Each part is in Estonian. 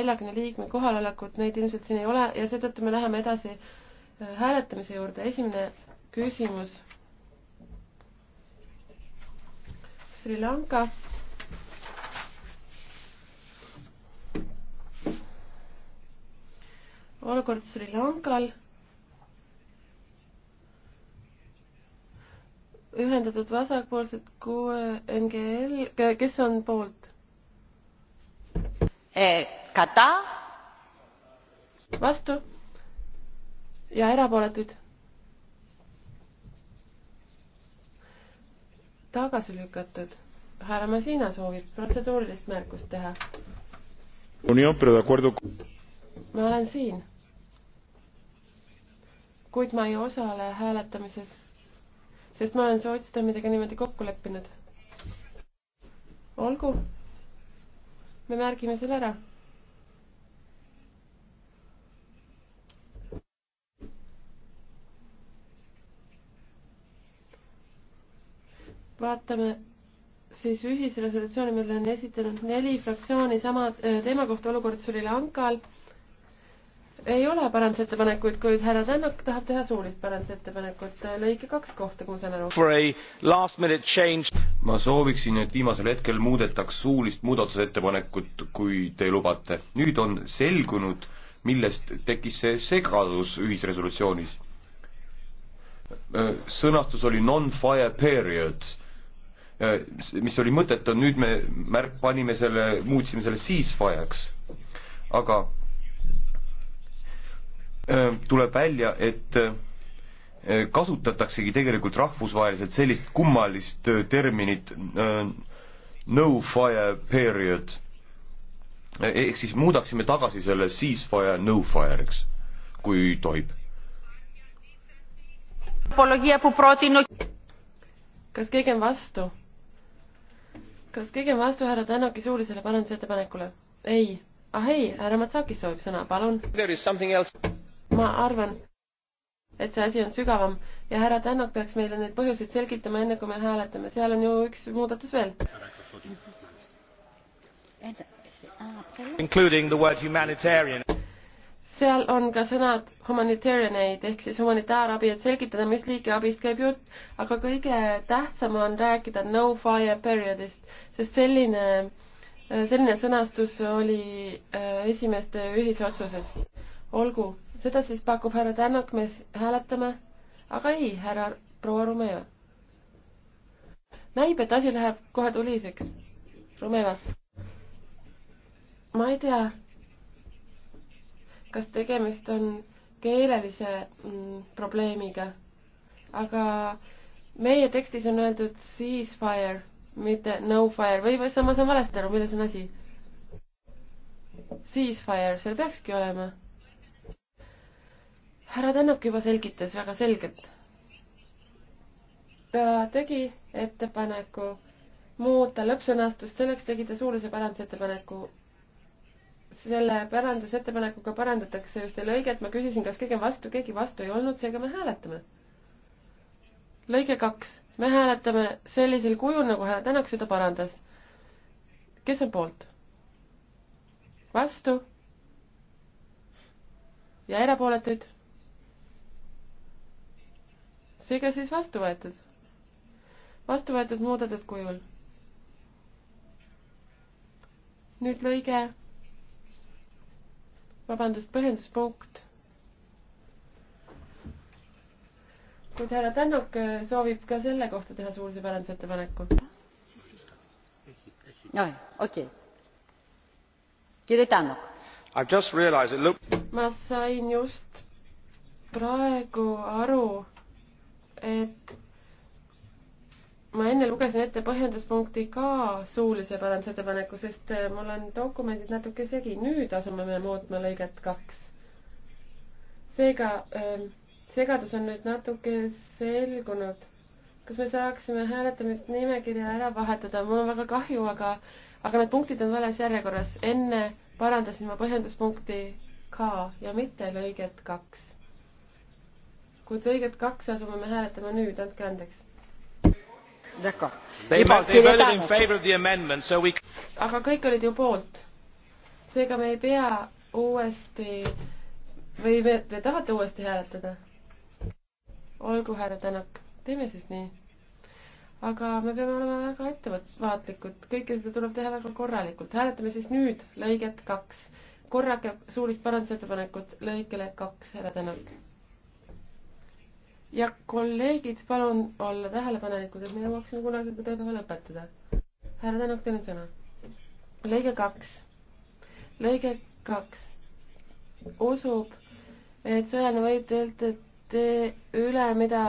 neljakümne liikme kohalolekut, neid ilmselt siin ei ole ja seetõttu me läheme edasi äh, hääletamise juurde. esimene küsimus. Sri Lanka. olukord Sri Lankal. ühendatud vasakpoolsed QNGL, kes on poolt? e,, kata. vastu ja erapooletuid. tagasi lükatud. härra Masina soovib protseduurilist märkust teha. ma olen siin, kuid ma ei osale hääletamises, sest ma olen sootsidega midagi niimoodi kokku leppinud. olgu me märgime selle ära. vaatame siis ühisresolutsiooni, mille on esitanud neli fraktsiooni sama äh, teema kohta olukord Sri Lankal ei ole parandusettepanekuid, kuid härra Tänak tahab teha suulist parandusettepanekut lõike kaks kohta, kui ma saan aru. ma sooviksin, et viimasel hetkel muudetaks suulist muudatusettepanekut, kui te lubate. nüüd on selgunud, millest tekkis see segadus ühisresolutsioonis. Äh, sõnastus oli non-fire period, äh, mis oli mõttetu, nüüd me märk panime selle, muutsime selle ceasefire'ks, aga Äh, tuleb välja, et äh, kasutataksegi tegelikult rahvusvaheliselt sellist kummalist äh, terminit no fire period. ehk siis muudaksime tagasi selle ceasefire no fire'iks, kui tohib. kas keegi on vastu? kas keegi on vastu härra Tänaki suulisele parandusettepanekule? ei. ah ei, härra Matsakis soovib sõna, palun ma arvan, et see asi on sügavam ja härra Tänak peaks meile neid põhjuseid selgitama, enne kui me hääletame, seal on ju üks muudatus veel. seal on ka sõnad humanitarian aid ehk siis humanitaarabi, et selgitada, mis liiki abist käib jutt, aga kõige tähtsam on rääkida no fire periodist, sest selline, selline sõnastus oli äh, esimeste ühisotsuses olgu, seda siis pakub härra Tänak, me hääletame, aga ei, härra proua Rumea. näib, et asi läheb kohe tuliseks. Rumena. ma ei tea, kas tegemist on keelelise mm, probleemiga, aga meie tekstis on öeldud ceasefire, mitte no fire või, või samas on valesti aru, milles on asi? Ceasefire, seal peakski olema härra Tänak juba selgitas väga selgelt. ta tegi ettepaneku muuta lõppsõnastust, selleks tegi ta suulise parandusettepaneku. selle parandusettepanekuga parandatakse ühte lõiget, ma küsisin, kas keegi on vastu, keegi vastu ei olnud, seega me hääletame. lõige kaks, me hääletame sellisel kujul, nagu härra Tänak seda parandas. kes on poolt? vastu ja erapooletuid seega siis vastu võetud. vastu võetud muudetud kujul. nüüd lõige, vabandust, põhjenduspunkt. kuid härra Tännok soovib ka selle kohta teha suulise parandusettepaneku. jah, okei okay.. Kiri Tännok. ma sain just praegu aru, et ma enne lugesin ette põhjenduspunkti ka suulise parandusettepaneku, sest äh, mul on dokumendid natuke segi. nüüd asume me muutma lõiget kaks. seega ähm, segadus on nüüd natuke selgunud. kas me saaksime hääletamist nimekirja ära vahetada? mul on väga kahju, aga, aga need punktid on vales järjekorras. enne parandasin ma põhjenduspunkti ka ja mitte lõiget kaks kuid lõiget kaks asume me hääletama nüüd, andke andeks. aga kõik olid ju poolt. seega me ei pea uuesti või me, te tahate uuesti hääletada? olgu, härra Tänak, teeme siis nii. aga me peame olema väga ettevaatlikud, kõike seda tuleb teha väga korralikult. hääletame siis nüüd lõiget kaks. korrake suulist parandusettepanekut lõikele kaks, härra Tänak ja kolleegid, palun olla tähelepanelikud, et me jõuaksime kunagi ka tööpäeva lõpetada. härra Tänak, teil on sõna. lõige kaks, lõige kaks usub, et sõjaline võitlejate üle, mida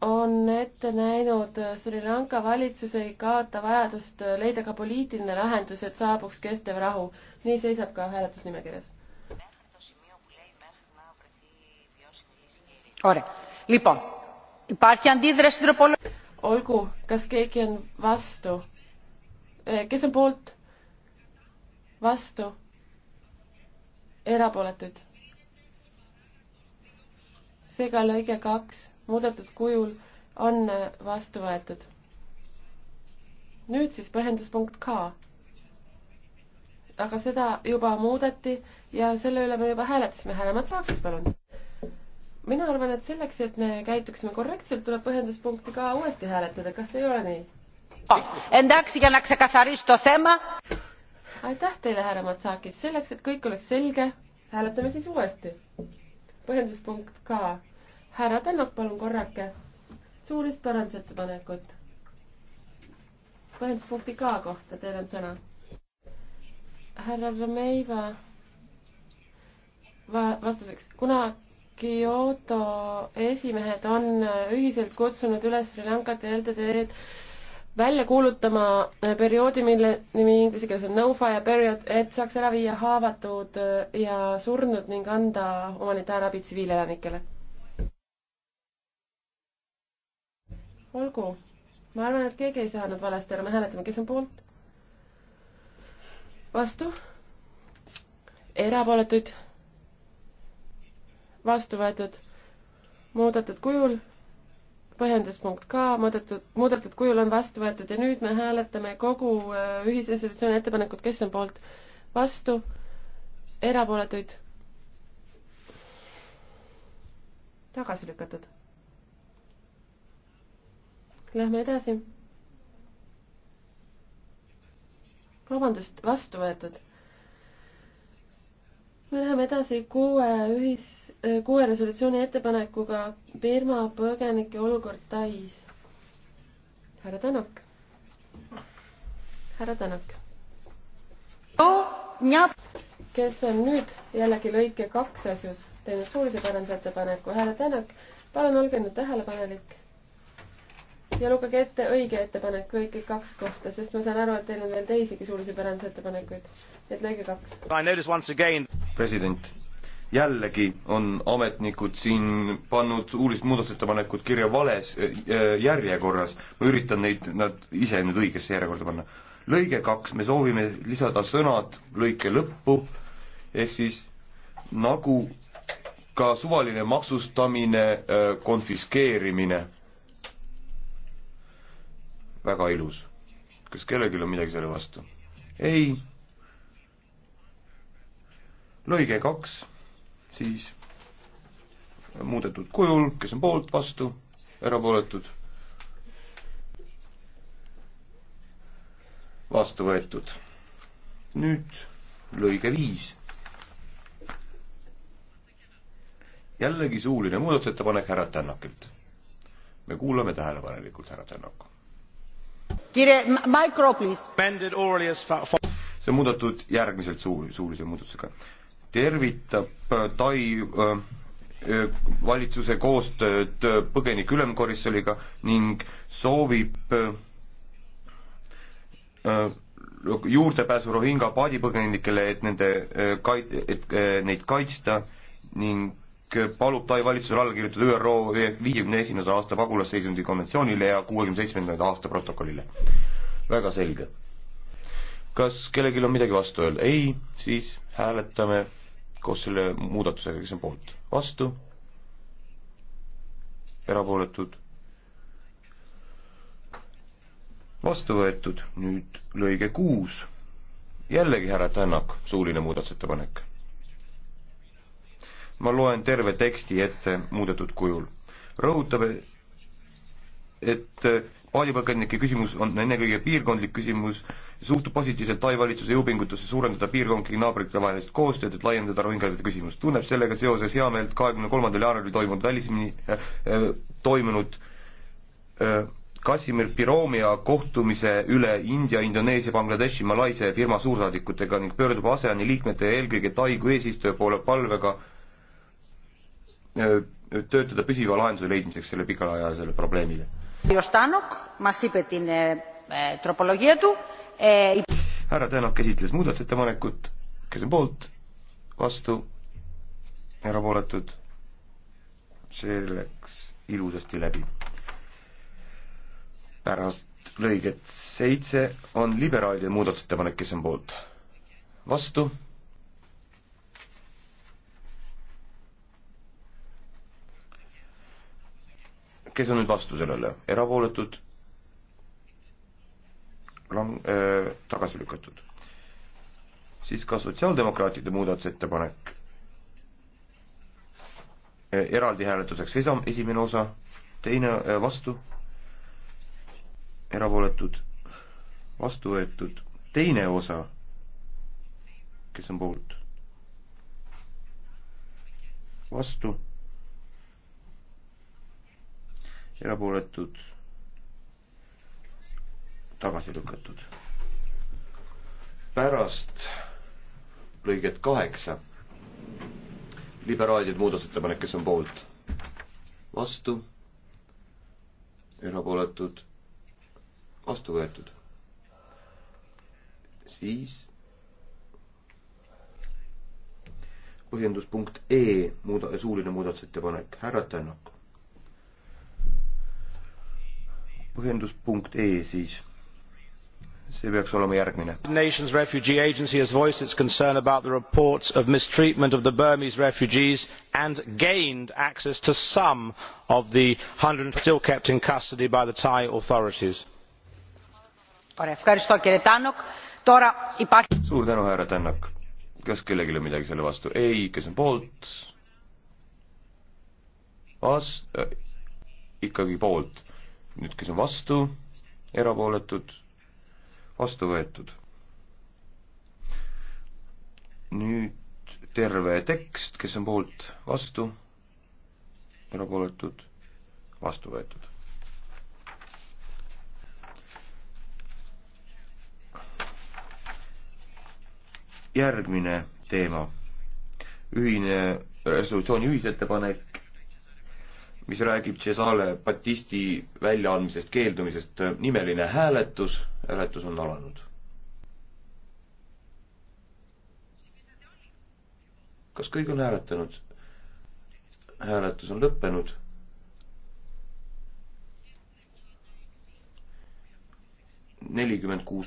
on ette näinud Sri Lanka valitsus, ei kaota vajadust leida ka poliitiline lahendus, et saabuks kestev rahu. nii seisab ka hääletusnimekirjas olgu kas keegi on vastu äh, kes on poolt vastu erapooletuid seega lõige kaks muudetud kujul on äh, vastu võetud nüüd siis põhjenduspunkt K aga seda juba muudeti ja selle üle me juba hääletasime härra Matsakis palun mina arvan, et selleks, et me käituksime korrektselt, tuleb põhjenduspunkti ka uuesti hääletada, kas ei ole nii? aitäh teile, härra Matsakis, selleks, et kõik oleks selge, hääletame siis uuesti. põhjenduspunkt ka. härra Tänak, palun korrake suulist parandusettepanekut. põhjenduspunkti ka kohta, teil on sõna. härra Rameiva va, vastuseks, kuna Kyoto esimehed on ühiselt kutsunud üles Sri Lankat ja LTD-d välja kuulutama äh, perioodi, mille nimi inglise keeles on no-fire period, et saaks ära viia haavatud äh, ja surnud ning anda humanitaarabi tsiviilelanikele. olgu, ma arvan, et keegi ei saanud valesti aru, me hääletame, kes on poolt? vastu? erapooletuid vastu võetud muudetud kujul, põhjenduspunkt ka muudetud, muudetud kujul on vastu võetud ja nüüd me hääletame kogu äh, ühisresolutsiooni ettepanekut, kes on poolt, vastu, erapooletuid, tagasi lükatud. Lähme edasi. vabandust, vastu võetud me läheme edasi kuue ühis, kuue resolutsiooni ettepanekuga Birma põgenike olukord Tais. härra Tänak. härra Tänak. kes on nüüd jällegi lõike kaks asjus teinud suulise parandusettepaneku, härra Tänak, palun olge nüüd tähelepanelik ja lugege ette õige ettepanek lõike kaks kohta, sest ma saan aru, et teil on veel teisigi suulisi parandusettepanekuid. et lõige kaks president, jällegi on ametnikud siin pannud uurised muudatusettepanekud kirja vales äh, järjekorras. ma üritan neid, nad ise nüüd õigesse järjekorda panna. lõige kaks, me soovime lisada sõnad lõike lõppu, ehk siis nagu ka suvaline maksustamine, äh, konfiskeerimine. väga ilus. kas kellelgi on midagi selle vastu? ei lõige kaks, siis muudetud kujul, kes on poolt, vastu, erapooletud, vastu võetud. nüüd lõige viis. jällegi suuline muudatusettepanek härra Tännakilt. me kuulame tähelepanelikult härra Tännaku. see on muudetud järgmiselt suul-, suulise muudatusega tervitab äh, Tai äh, äh, valitsuse koostööd põgenike ülemkorissoliga ning soovib juurdepääsu Rohingja paadipõgenikele, et nende kait-, et neid kaitsta ning palub Tai valitsusel alla kirjutada ÜRO viiekümne esimese aasta pagulasseisundi konventsioonile ja kuuekümne seitsmenda aasta protokollile. väga selge. kas kellelgi on midagi vastu öelda? ei, siis hääletame koos selle muudatusega, kes on poolt, vastu, erapooletud, vastu võetud, nüüd lõige kuus, jällegi härra Tänak, suuline muudatusettepanek. ma loen terve teksti ette muudetud kujul. rõhutab, et Aadipõgenike küsimus on ennekõike piirkondlik küsimus, suhtub positiivselt Tai valitsuse jõupingutusse suurendada piirkondlike naabrite vahelist koostööd, et laiendada rohingjate küsimust. tunneb sellega seoses hea meelt kahekümne kolmandal jaanuaril toimunud välismini- äh, äh,, toimunud äh, Kasimir Piromia kohtumise üle India, Indoneesia, Bangladeshi, Malaisia ja Birma suursaadikutega ning pöördub ASEAN-i liikmete ja eelkõige Tai kui eesistuja poole palvega äh, töötada püsiva lahenduse leidmiseks selle pikaajalisele probleemile härra Tänak esitles muudatusettepanekut, kes on poolt, vastu, erapooletud, see läks ilusasti läbi. pärast lõiget seitse on liberaalide muudatusettepanek, kes on poolt, vastu kes on nüüd vastu sellele, erapooletud, lang- äh,, tagasi lükatud. siis ka sotsiaaldemokraatide muudatusettepanek äh,, eraldi hääletuseks esam-, esimene osa, teine äh, vastu, erapooletud, vastu võetud, teine osa, kes on poolt, vastu erapooletud, tagasi lükatud. pärast lõiget kaheksa, liberaalid muudatusettepanek, kes on poolt, vastu, erapooletud, vastu võetud. siis põhjenduspunkt E muuda-, suuline muudatusettepanek, härra Tänak. põhjenduspunkt E siis see peaks olema järgmine. the nations refugee agency has voiced its concern about the reports of mistreatment of the burmese refugees and gained access to some of the one hundred still kept in custody by the thai authorities. suur tänu härra tannock kas kellelgi on midagi selle vastu ei kes on poolt vas- äh, ikkagi poolt nüüd, kes on vastu, erapooletud, vastu võetud. nüüd terve tekst, kes on poolt, vastu, erapooletud, vastu võetud. järgmine teema, ühine, resolutsiooni ühisettepanek mis räägib Cesare Batisti väljaandmisest keeldumisest, nimeline hääletus, hääletus on alanud. kas kõik on hääletanud? hääletus on lõppenud. nelikümmend kuus